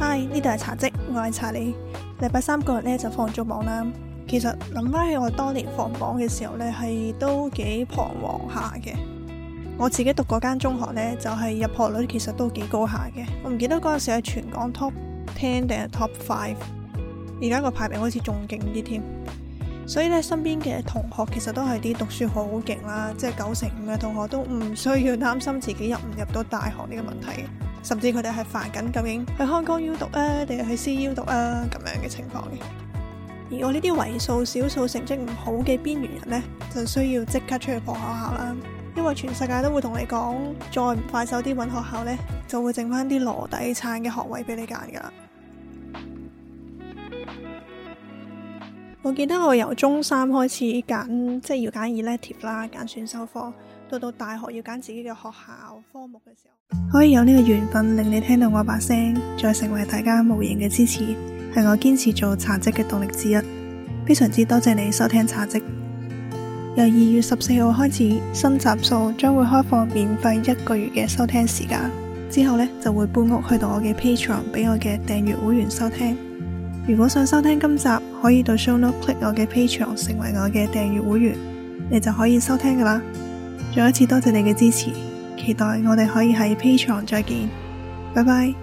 Hi，呢度係茶嘖，我係查理。禮拜三個日咧，就放咗榜啦。其實諗翻起我當年放榜嘅時候咧，係都幾彷徨下嘅。我自己讀嗰間中學咧，就係入學率其實都幾高下嘅。我唔記得嗰陣時係全港 top ten 定係 top five。而家個排名好似仲勁啲添。所以咧，身邊嘅同學其實都係啲讀書好勁啦，即係九成五嘅同學都唔需要擔心自己入唔入到大學呢個問題。甚至佢哋係煩緊究竟去香港 U 讀啊，定係去 C U 讀啊，咁樣嘅情況嘅。而我呢啲為數少數成績唔好嘅邊緣人呢，就需要即刻出去破學校啦。因為全世界都會同你講，再唔快手啲揾學校呢，就會剩返啲籮底橙嘅學位俾你揀㗎。我記得我由中三開始揀，即係要揀 elective 啦，揀選修科，到到大學要揀自己嘅學校科目嘅時候，可以有呢個緣分令你聽到我把聲，再成為大家無形嘅支持，係我堅持做茶嘖嘅動力之一，非常之多謝你收聽茶嘖。由二月十四號開始，新集數將會開放免費一個月嘅收聽時間，之後呢，就會搬屋去到我嘅 Patreon，俾我嘅訂閱會員收聽。如果想收聽今集，可以到 ShowNote click 我嘅 Patreon 成為我嘅訂閱會員，你就可以收聽噶啦。再一次多謝你嘅支持，期待我哋可以喺 Patreon 再見，拜拜。